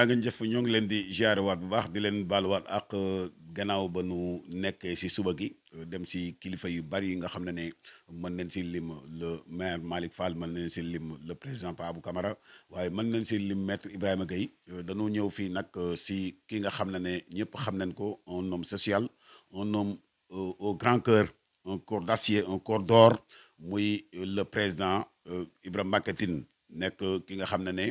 jaa ngeen jëf leen di ziarewaat bu baax di leen bal baaluwaat ak euh, gannaaw ba nu nekkee si suba gi euh, dem ci kilifa yu bari yi nga xam ne mën nañ ci lim le maire Malik Fall mën nañ ci lim le président Pa Abou Camara waaye mën nañ ci lim maître Ibrahima Gueye euh, dañu ñëw fi nak ci ki nga xam ne ne ñëpp xam nañ ko un homme social un homme au grand cœur un corps d'acier un corps d'or muy le président Ibrahima Maguette Tine nekk ki nga xam ne ne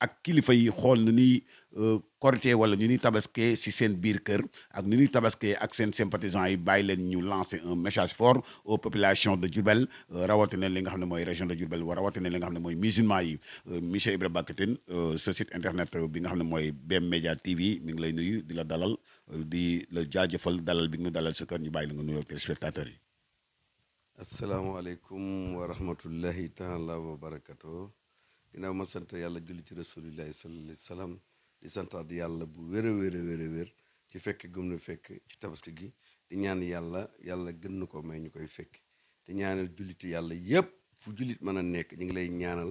ak kilifa yi xol ni ñuy euh, wala ni tabaské tabaske sen seen biir kër ak ni tabaské tabaske ak sen sympathisants yi bàyyi leen ñu lancer un message fort aux populations de Diourbel euh, rawatina li nga xam moy région de Diourbel rawatina li nga xam moy mooy musulman yi euh, Michel Ibrahima Bakatine ce site internet bi nga xam moy BM Media TV mi ngi lay nuyu di la dalal di la jaajëfal dalal bi ñu dalal ce kër ñu bàyyi la nga nuyu téléspectateurs yi. alaykum wa rahmatullahi taala wa barakatuh Ina ma sant yàlla julli ci Rasulullah sallallahu alayhi di sallam di santaat bu wéré wéré wéré wér ci fekk gum na fekk ci tabaski gi di ñaan yalla yalla gën ko may ñukoy fekk di ñaanal julliti yalla yépp fu julit mëna nekk ñi ngi lay ñaanal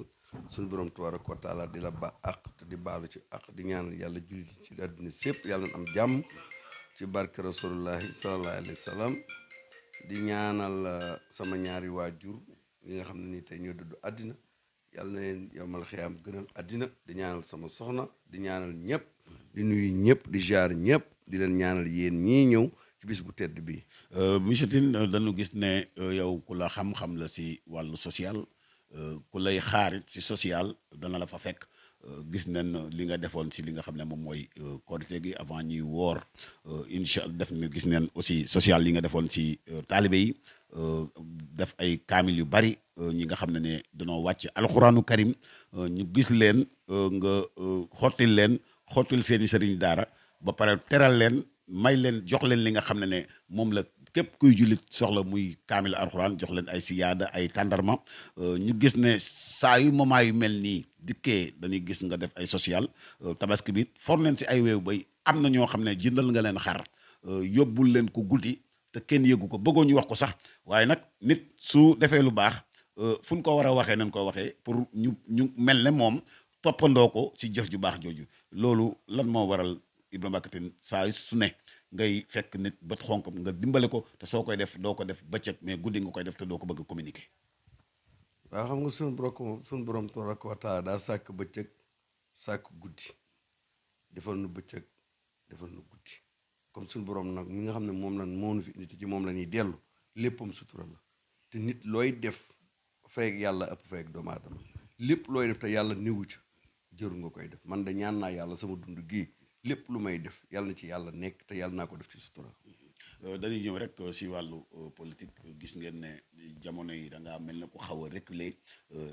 sun borom ko taala di la ba ak te di balu ci ak di ñaanal yalla julli ci aduna sepp yalla am jàmm ci barke rasulullah sallallahu alaihi wasallam sallam di ñaanal uh, sama ñaari wajur yi nga xamni tay nii tey ñoo yàlla na leen yomal xiyaam gënal àddina di ñaanal sama soxna di ñaanal ñëpp di nuyu ñëpp di jaar ñëpp di leen ñaanal yéen ñii ñëw ci bis bu tedd bi euh, monsieur Tine euh, dañu gis ne euh, yow ku la xam la si wàllu social ku lay xaarit si social dana la fa fekk gis nañ li nga defoon si li nga xam ne moom mooy korité gi avant ñuy woor incha allah def na gis nañ aussi sociale yi nga defoon si taalibe yi def ay kaamil yu bari Euh, ñi nga xam ne ne danoo wàcc alxuraanu karim euh, ñu gis leen euh, nga xottil leen xottil seen i sëriñ daara ba pare teral leen may leen jox leen li nga xam ne ne moom la képp kuy jullit soxla muy kaamil alxuraan jox leen ay siyaada ay tàndarma ñu gis ne saa yu moment yu mel nii dikkee dañuy gis nga def ay social tabaski bi for leen si ay weew bay am na ñoo xam ne jëndal nga leen xar yóbbul leen ko guddi te kenn yëgu ko bëggoon ñu wax ko sax waaye nag nit su defee lu baax Euh, fu ñu ko war a waxee nañ ko waxee pour ñu ñu mel ne moom toppandoo ko ci jëf ju baax jooju loolu lan moo waral Ibrahima Mbacké Tine su ne ngay fekk nit bët xonkam nga dimbale ko te soo koy def doo ko def bëccëg mais guddi nga koy def te doo ko bëgg a communiquer. waaw xam nga suñu borom suñu borom tabaraka wa taala daa sàkk bëccëg sàkk guddi defal nu bëccëg defal nu guddi comme suñu borom nag mi nga xam ne moom lan nu fi nit ci moom la ñuy dellu léppam sutura la te nit looy def. fayeg yàlla ëpp fayeg doomu aadama lépp looy def te yàlla néewu ci jëru nga koy def man de ñaan naa yàlla sama dund gii lépp lu may def yàlla ci yàlla nekk te yàlla naa ko def ci sutura euh, dañuy ñëw rek euh, si wàllu euh, politique gis ngeen ne jamono yi da ngaa mel na ko xaw a reculer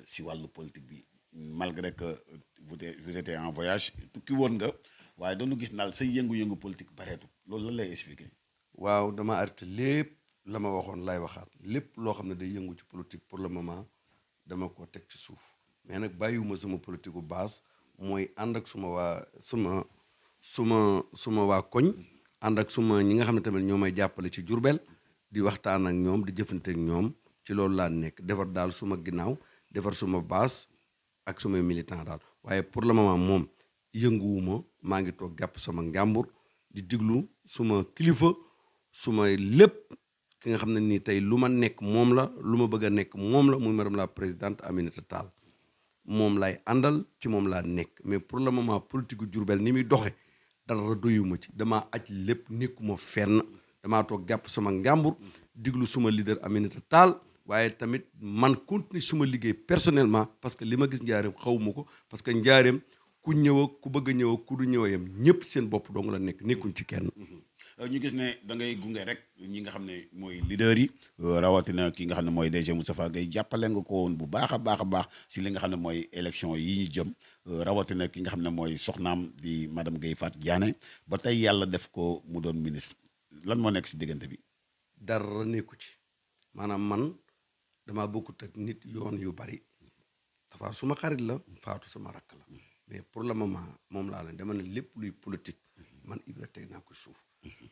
si wàllu politique bi malgré que vous étiez en voyage tukki woon nga waaye doonu gis naal sa yëngu-yëngu politique bareetu loolu lan lay expliquer waaw dama arrêté lépp Lama waxon lay waxat lepp lo xamne day yëngu ci politique pour le moment dama ko tek ci souf mais nak bayiwuma sama politique bu baas moy ànd ak suma wa suma suma suma wa koñ ak suma ñi nga xamne ne tamit ñoo ci Jurbel di waxtaan ak ñom di jëfënte ak ñom ci lool la nekk defar dal suma ginnaaw defar suma baas ak suma militant dal waye pour le moment moom yënguwuma ma ngi tok japp sama ngambur di diglu suma kilifa suma lepp ki nga xam ne nii tey lu ma nekk moom la lu ma bëgg a nekk moom la muy madame la présidente Aminata taal moom lay àndal ci moom laa nekk mais pour le moment politique gu Diourbel ni muy doxe dara doyuma ci damaa aj lépp nekkuma fenn damaa toog jàpp sama ngàmbur diglu suma leader Aminata Tall waaye tamit man continuer suma liggéey personnellement parce que li ma gis njaareem xawuma ko parce que njaareem ku ñëw ku bëgg a ku du ñëw yam ñëpp seen bopp dong la nekk nekkuñ ci kenn Euh, ñu gis ne da ngay gunge rek ñi nga xam ne mooy leader yi euh, rawatina ki nga xam ne mooy DG Moustapha Gueye jàppale nga ko woon bu baax a baax a baax si li nga xam ne mooy élection yi ñu jëm euh, rawatina ki nga xam ne mooy soxnaam di madame gay faat Diané ba tey yàlla def ko mu doon ministre lan moo nekk si diggante bi. dara nekku ci maanaam man damaa bokkut ak nit yoon yu bari dafa suma xarit la faatu sama rakk la mm. mais pour le moment moom laa leen dama ne lépp luy politique man Ibra teg naa suuf.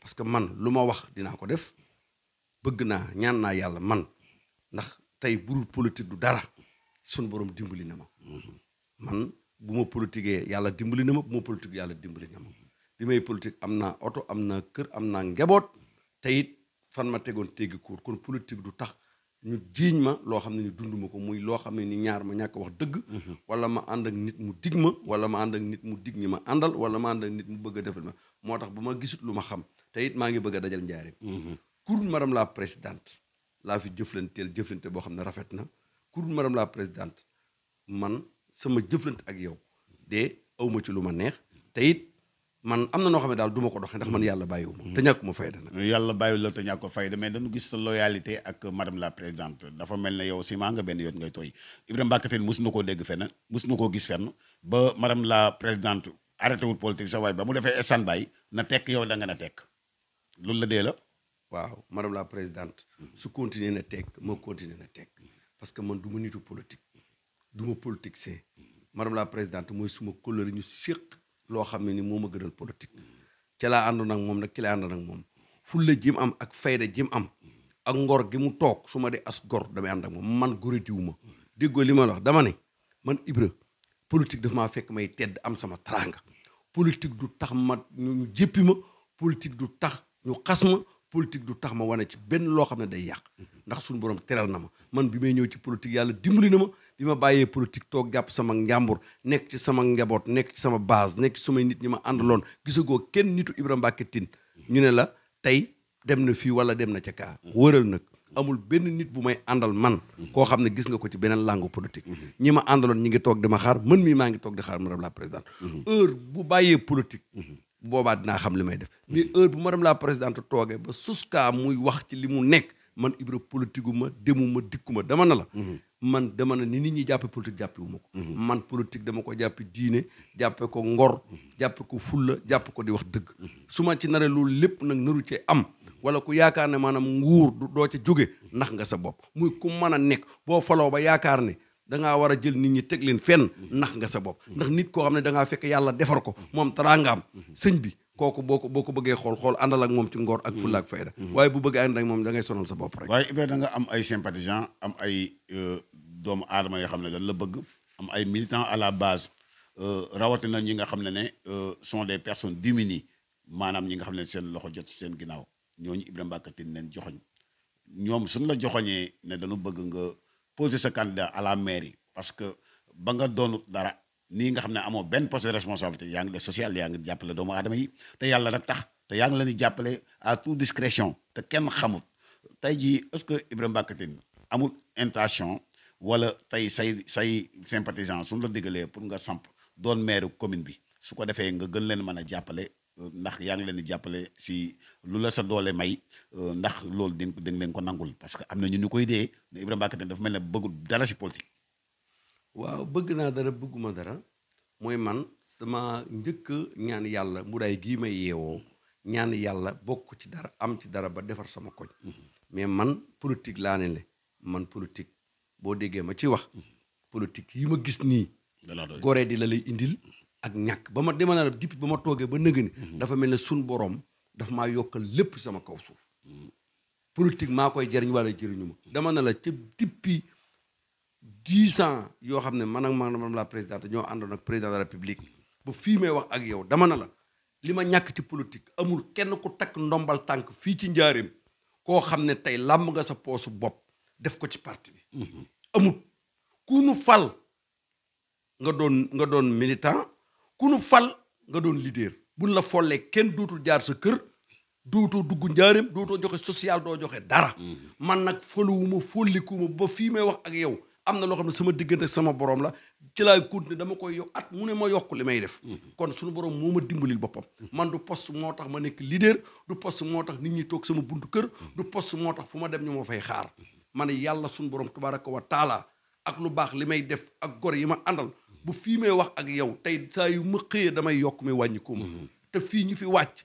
parce que man lu ma wax dinaa ko def bëgg naa ñaan naa yàlla man ndax tey burul politique du dara suñu borom dimbali na ma man bu ma politiquee yàlla dimbali na ma bu ma politique yàlla dimbali na ma bi may politique am naa oto am naa kër am naa ngeboot te it fan ma tegoon teggi kuur kon politique du tax ñu jiiñ ma loo xam ne ni dunduma ko muy loo xam ne ni ñaar ma ñàkk wax dëgg mhm. wala ma ànd ak nit mu dig ma wala ma ànd ak nit mu digg ni ma àndal wala ma ànd ak nit mu bëgg a defal ma moo tax ba ma gisut lu ma xam te it maa ngi bëgg a dajal njaareem mhm. kur maram la présidente laa fi jëflanteel jëflante boo xam ne rafet na kur madame laa présidente man sama jëflante ak yow de awma ci lu ma neex te man amna no noo dal ne ko ndax man mm-hmm. yalla mm-hmm. fayda mm-hmm. la te ça. fayda mais dañu gis sa loyauté ak madame la présidente dafa melni yow si ma nga ben yott ngay toy Ibrahima fait. ko dégg fenn gis fenn madame la présidente arrêté wul politique sa way ba mu vous avez na tek yow da nga na tek la dee la waaw madame la présidente su continuer na tek ma continuer na parce que man duma nitu politique duma politique c'est madame la présidente moy suma couleur ñu cirque. loo xam ne ni moom ma gënal politique ci laa nag moom nag ci laa nag ak moom fulla jim am ak fayda jim am ak ngor gi mu toog su ma dee as gor damay ànd ak moom man góoratiwu ma déggoo li ma la wax dama ne man Ibra politique daf maa fekk may tedd am sama taraanga politique du tax ma ñu jéppi ma politique du tax ñu xas ma politique du tax ma wane ci benn loo xam ne day yàq ndax suñu borom teral na ma man bi may ñëw ci politique yàlla dimbali na ma bi ma bàyyee politique toog jàpp sama njàmbur nekk ci sama njaboot nekk ci sama base nekk ci samay nit ñi ma àndaloon gisagoo kenn nitu Ibrahima Mbacké Tine ñu ne la tey dem na fii wala dem na ca kaa wëral nag amul benn nit bu may àndal man koo xam ne gis nga ko ci benn langue politique ñi ma àndaloon ñi ngi toog di ma xaar man mii maa ngi toog di xaar madame la présidente heure bu bàyyee politique boobaa dinaa xam li may def mais heure bu madame la présidente toogee ba suskaa muy wax ci li mu nekk man Ibra politique ma demuma dikkuma dama na la mhm. man dama na ni nit ñi jàppe politique jàppe wu ko mhm. man politique dama ko jàppe diine jàppe ko ngor mhm. jàppe ko fulla jàppe ko di wax dëgg su ma ci nare loolu lépp nag naru cee am wala ku yaakaar ne maanaam nguur du doo ca jóge ndax nga sa bopp muy ku mën a nekk boo faloo ba yaakaar ne da ngaa war a jël nit ñi teg leen fenn ndax nga sa bopp ndax nit koo xam ne da ngaa fekk yàlla defar ko moom taraangaam sëñ bi kooku boo ko boo ko bëggee xool xool àndal moom ci ngor ak fulla ak mm-hmm. waaye bu bëggee ànd ak moom da ngay sonal sa bopp rek waaye Ibrahima da nga am ay sympathisant am ay euh, doomu aadama yoo xam ne dañ la bëgg am ay militants à la base euh, rawatina ñi nga xam ne ne euh, sont des personnes démunies maanaam ñi nga xam ne seen loxo jot seen ginnaaw ñooñu Ibrahima Mbacké Tine leen joxoñ ñoom suñu la joxoñee ne dañu bëgg nga poser sa candidat à la mairie parce que ba nga doonu dara ni nga xam amo ben poste de responsabilité yang ngi social yang ngi jàppale doomu adama yi te yalla rek tax te yaa ngi leen di à toute discrétion te kenn xamut tay ji est-ce que Ibrahima Mbacké amul intention wala tay say say sympathisant suñu la diggalee pour nga samp doon maire commune bi su ko défé nga gën leen mëna a euh, ndax yaa ngi leen si lu la sa doolé may euh, ndax lool di nga leen ko nangul parce que amna na ñu ñu koy dee ne Ibrahima Mbacké dafa melni bëggul dara ci politique waaw bëgg naa dara bëgguma dara mooy man sama njëkk ñaan yàlla mburaay gii ma yeewoo ñaan yàlla bokk ci dara am ci dara ba defar sama koñ mais man politique laa ne le man politique boo déggee ma ci wax politique yi ma gis nii goree di la lay indil ak ñàkk ba ma dema la depuis ba ma toogee ba nëgëni mhm. dafa mel ne sun borom dafa maa yokkal lépp sama kaw suuf mhm. politique maa koy jariñ wala jëriñu ma dama na la ca depuis dix ans yoo xam ne man ak madame la présidente ñoo àndoon ak président de la république ba fii may wax ak yow dama na la li ma ñàkk ci politique amul kenn ku takk ndombal tànk fii ci njaareem koo xam ne tey làmb nga sa poosu bopp def ko ci parti bi amul fal nga doon nga doon militant ku nu fal nga doon leader buñ la follee kenn dootul jaar sa kër dootoo dugg njaareem dootoo joxe social doo joxe dara mm-hmm. man nag foluwuma follikuwuma ba fii may wax ak yow amna lo xamne sama digënté sama borom la ci laay continuer dama koy at mu ne ma yok li may def mm-hmm. kon suñu borom moma mandu bopam mm-hmm. man du poste motax ma nek leader du poste motax nit ñi tok sama buntu kër mm-hmm. du poste motax fuma dem ñuma fay xaar man suñu borom tabaaraku wa taala ak lu bax li may def ak gor yi ma àndal bu fi may wax ak yow tay tayu ma xëyee damay yok may ko te fi ñu fi wacc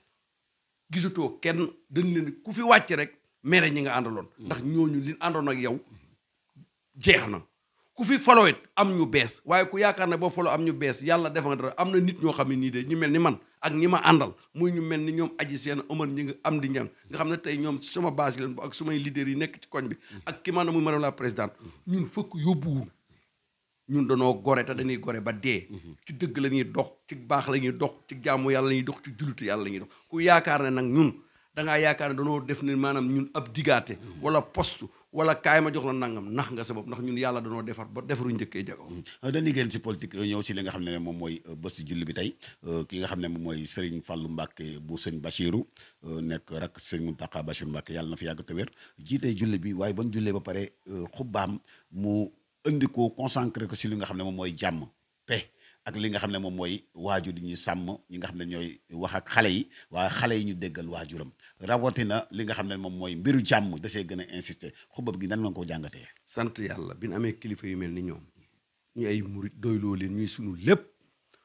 gisuto kenn dañ leen ku fi wacc rek mere ñi nga andalon ndax ñoñu li andon ak yow ku fi foloo am ñu bees waaye ku yaakaar ne boo foloo am ñu bees yàlla def na dara am na nit ñoo xam ne nii de ñu mel ni man ak ñi ma àndal muy ñu mel ni ñoom aji seen Omar ñi nga am di njàng nga xam ne tey ñoom sama base yi leen ak sumay leaders yi nekk ci koñ bi ak ki maanaam muy madame la présidente ñun fëkk yóbbuwul ñun danoo gore dañuy gore ba dee ci dëgg la ñuy dox ci baax la ñuy dox ci jàmm yàlla la ñuy ci jullitu yàlla la ñuy dox ku yaakaar ne nag ñun da yaakaar ne danoo def ne maanaam ñun ab digaate wala postu wala kaay ma jox la nangam ndax nga sa bopp ndax ñun yàlla danoo defar ba defaru njëkkee jagoo euh, dañuy génn ci politique euh, ñëw ci li nga xam ne moom mooy euh, si julli bi tey ki nga xam ne moom mooy Serigne fàllu Mbacké bu sëñ Bachirou nekk rak sëñ Mountakha Bachir Mbacké yàlla na fi yàgg te wér jiite bi waaye ban jullee ba pare xubbaam mu indi ko consacré ko ci li nga xam ne moom mooy jàmm paix ak li nga xam ne moom mooy waajur yi ñuy sàmm ñi nga xam ne ñooy wax ak xale yi waaye xale yi ñu déggal waajuram rawatina li nga xam ne moom mooy mbiru jàmm da see gën a insister xubab gi nan nga ko jàngatee. sant yàlla bi amee kilifa yu mel ni ñoom ñu ay murit doyloo leen ñuy sunu lépp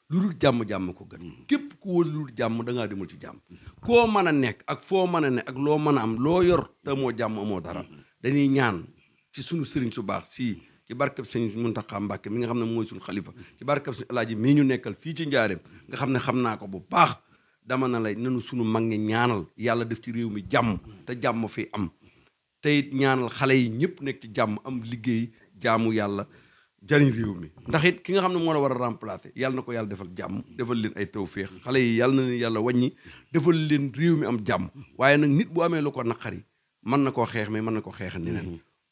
lu dul jàmm-jàmm ko gën hmm. képp ku wóor jàmm da ngaa demul ci jàmm koo mën a nekk ak foo mën a nekk ak loo mën a am loo yor te moo jàmm amoo dara hmm. dañuy ñaan ci sunu sëriñ su baax si ci barkab sëñ Muntaxa Mbàkke mi nga xam ne mooy sunu xalifa ci barkab sëñ alaaji mii ñu nekkal fii ci njaareem nga xam ne xam naa ko bu baax dama na lay nanu suñu mag ñi ñaanal yàlla def ci réew mi jàmm te jàmm fii am tey ñaanal xale yi ñëpp nekk ci jàmm am liggéey jaamu yàlla jariñ réew mi ndax it ki nga xam ne moo la war a remplacer yàlla na ko yàlla defal jàmm defal leen ay tawféex xale yi yàlla na leen yàlla wàññi defal leen réew mi am jàmm waaye nag nit bu amee lu ko naqari mën na koo xeex mais mën na ko xeex neneen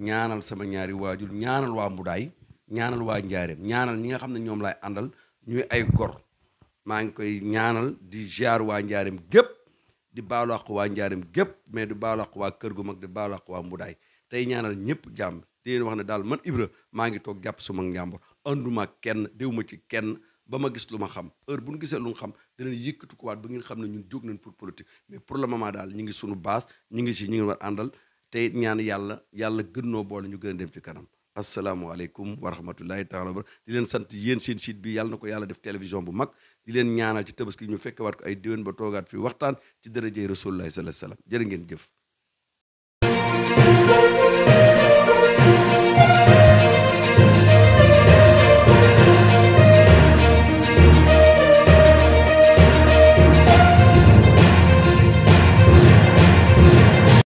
ñaanal sama ñaari waajur ñaanal waa Mbudaay ñaanal waa Njaareem ñaanal ñi nga xam ne ñoom laay àndal ñuy ay gor maa ngi koy ñaanal di jaar waa Njaareem gépp di baalu àq waa Njaareem gépp mais di baalu àq waa kër gu mag di baalu àq waa Mbudaay tey ñaanal ñëpp jàmm di leen wax ne daal man Ibra maa ngi toog jàpp suma njàmbur anduma kenn déwuma ci kenn ba ma gis lu ma xam heure bu ñu gisee lu nga xam dinañ yëkkatu ko waat ba ngeen xam ne ñun jóg nañ pour politique mais pour le moment daal ñu ngi suñu base ñu ngi si ñu ngi war àndal tey it ñaan yàlla yàlla gën noo boole ñu gën a dem ci kanam asalaamualeykum wa rahmatullahi taala wa di leen sant yéen seen site bi yàlla na ko yàlla def télévision bu mag di leen ñaanal ci tabaski ñu fekkewaat ko ay déwén ba toogaat fi waxtaan ci dërëjey rasulullahi sallallahu alayhi wasallam jërë ngeen jëf